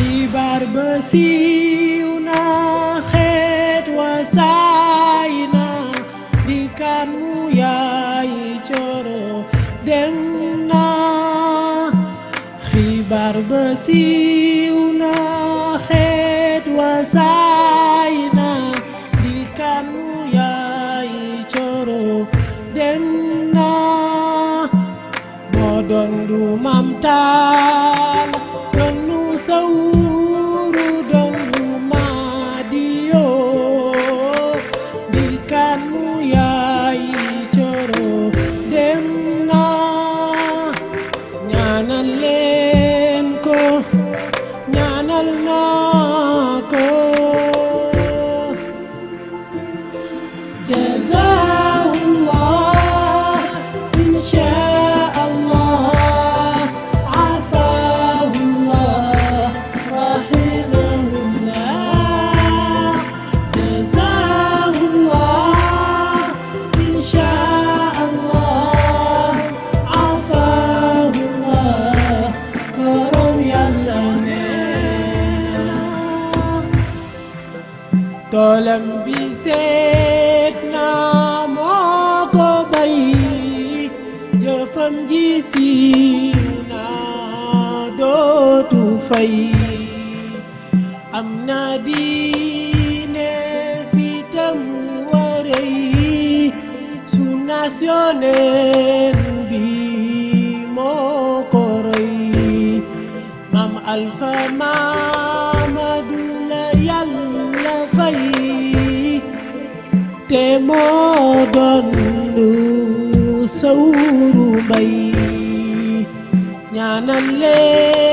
xibaar ba siiw na xeet wa saay na di kan mu yaay coro dem na xibaar ba siiw na xeet wa saay na di kan mu yaay coro dem na moo doon du mam taal اليوم toolam bi seet naa moo ko bay jëfam ji dootu fay am na diine fitam warey su nationel bi moo ko rey maam Alfa te moo doon du sawru mbay ñaanal leen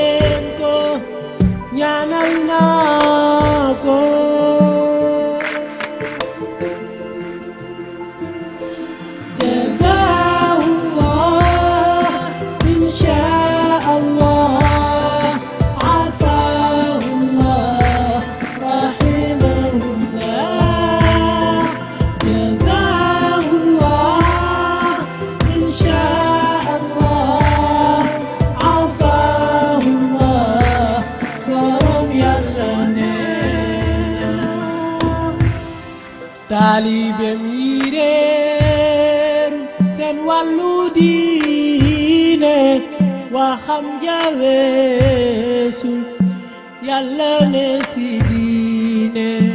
taalibeem yi réeru seen wàllu diine waxam jaweesul yàlla ne si diine